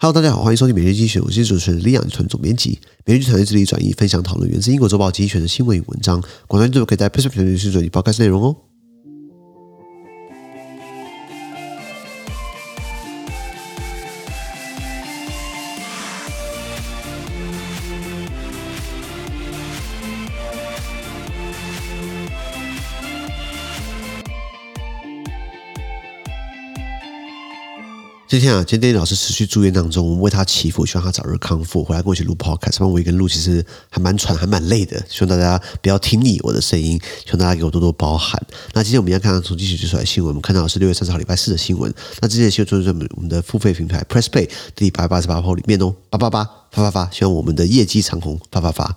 哈嘍，Hello, 大家好，歡迎收聽《每日一經濟學人》，我是主持人李雅純，總編輯。每日一經濟學人致力轉譯、分享、討論源自英國《週報》精選的新聞與文章。廣大聽眾可以在 p 配色評論區轉譯、報導內容哦。今天啊，今天老師持續住院當中，我們為他祈福，希望他早日康復。回來跟我一起錄 Podcast。看上班我一個人錄其實還蠻喘，還蠻累的。希望大家不要聽膩我的聲音，希望大家給我多多包涵。那今天我們要看到從繼續追出來的新聞，我們看到的是六月三十號禮拜四的新聞。那今天新聞就做出現我們的付費平台 PressPlay 第一百八十八號裡面哦，八八八八八八，希望我們的業績長紅，八八八。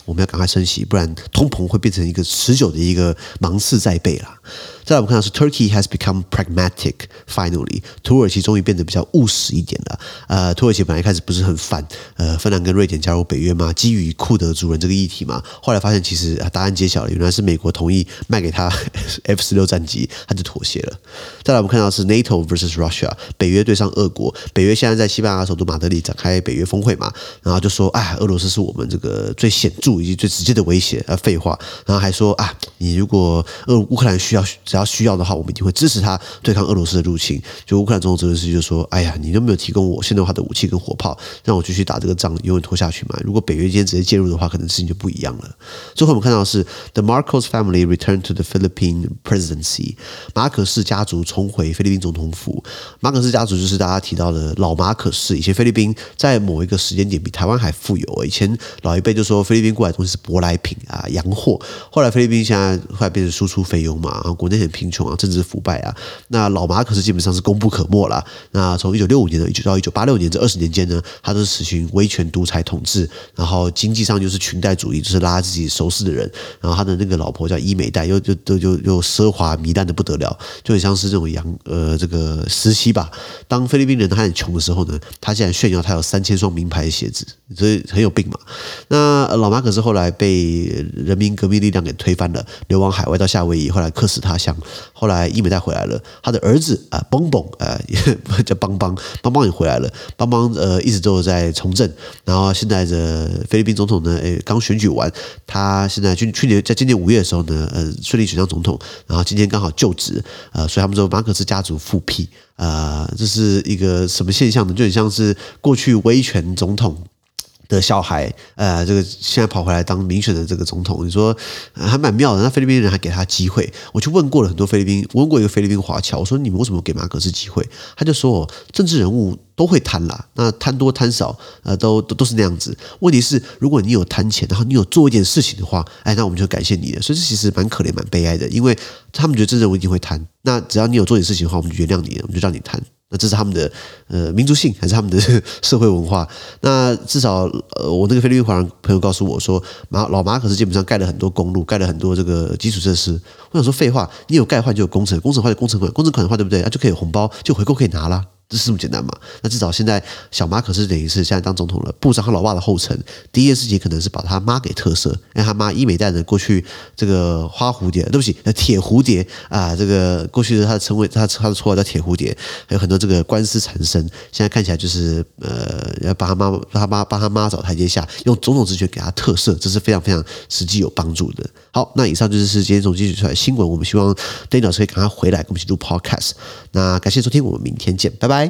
我們要趕快升息，不然通膨會變成一個持久的一個芒刺在背啦。再來，我們看到是 Turkey has become pragmatic finally，土耳其終於變得比較務實一點了。呃，土耳其本來一開始不是很反，呃芬蘭跟瑞典加入北約嘛，基於庫德族人這個議題嘛。後來發現其實答案揭曉了，原來是美國同意賣給他 F 十六戰機，他就妥協了。再來，我們看到是 NATO versus Russia，北約對上俄國。北約現在在西班牙首都馬德里展開北約峰會嘛，然後就說啊、哎，俄羅斯是我們這個最顯著。以及最直接的威脅啊，廢話。然後還說啊，你如果俄烏克蘭需要，只要需要的話，我們一定會支持他對抗俄羅斯的入侵。就烏克蘭總統澤連斯基就說：“哎呀，你都沒有提供我現代化的武器跟火炮，讓我繼續打這個仗，永遠拖下去嘛？如果北約今天直接介入的話，可能事情就不一樣了。”最後我們看到是 The Marcos family returned to the Philippine presidency，馬可仕家族重回菲律賓總統府。馬可仕家族就是大家提到的老馬可仕，以前菲律賓在某一個時間點比台灣還富有。以前老一輩就說菲律賓。外東西是舶來品啊，洋貨。後來菲律賓現在後來變成輸出菲傭嘛，國內很貧窮啊，政治腐敗啊。那老馬可仕基本上是功不可沒啦。那從一九六五年呢，一直到一九八六年這二十年間呢，他都是實行威權獨裁統治，然後經濟上就是裙帶主義，就是拉自己熟識的人。然後他的那個老婆叫伊美黛，又就都就又奢華糜爛的不得了，就很像是這種洋呃這個時期吧。當菲律賓人他很窮的時候呢，他現在炫耀他有三千雙名牌的鞋子，所以很有病嘛。那老馬可。可是後來被人民革命力量給推翻了，流亡海外到夏威夷，後來客死他鄉。後來伊美黛回來了，他的兒子啊，邦、呃、邦呃，叫邦邦，邦邦也回來了。邦邦呃，一直都在從政。然後現在的菲律賓總統呢，哎、呃，剛選舉完，他現在去去年在今年五月的時候呢，呃，順利選上總統，然後今天剛好就職。呃，所以他們說馬可仕家族復辟。呃，這是一個什麼現象呢？就很像是過去威權總統的小孩，呃，這個現在跑回來當民選的這個總統，你說、呃、還蠻妙的。那菲律賓人還給他機會，我去問過了很多菲律賓，問過一個菲律賓華僑，我說你們為什麼給馬可仕機會？他就說，哦，政治人物都會貪啦，那貪多貪少，呃，都都都是那樣子。問題是，如果你有貪錢，然後你有做一件事情的話，哎，那我們就感謝你了。所以這其實蠻可憐、蠻悲哀的，因為他們覺得政治人物一定會貪，那只要你有做點事情的話，我們就原諒你了，我們就讓你貪。那這是他們的呃民族性，還是他們的社會文化？那至少呃，我那個菲律賓華人朋友告訴我說，馬老馬可仕基本上蓋了很多公路，蓋了很多這個基礎設施。我想說廢話，你有蓋換就有工程，工程換就工程款，工程款的話，對不對？那、啊，就可以有紅包，就回扣可以拿了。這是這麼簡單嘛？那至少現在小馬可是等於是現在當總統了，步上他老爸的後塵。第一件事情可能是把他媽給特赦，讓他媽一美帶人過去，這個花蝴蝶，對不起，鐵蝴蝶啊，這個過去他的稱謂，他他的綽號叫鐵蝴蝶，還有很多這個官司纏身。現在看起來就是呃，把他媽，把他媽把他媽，把他媽找台階下，用種種職權給他特赦，這是非常非常實際有幫助的。好，那以上就是今天總結出來的新聞。我們希望鄧老師可以趕快回來跟我們一起錄 podcast。那感謝收聽，我們明天見，拜拜。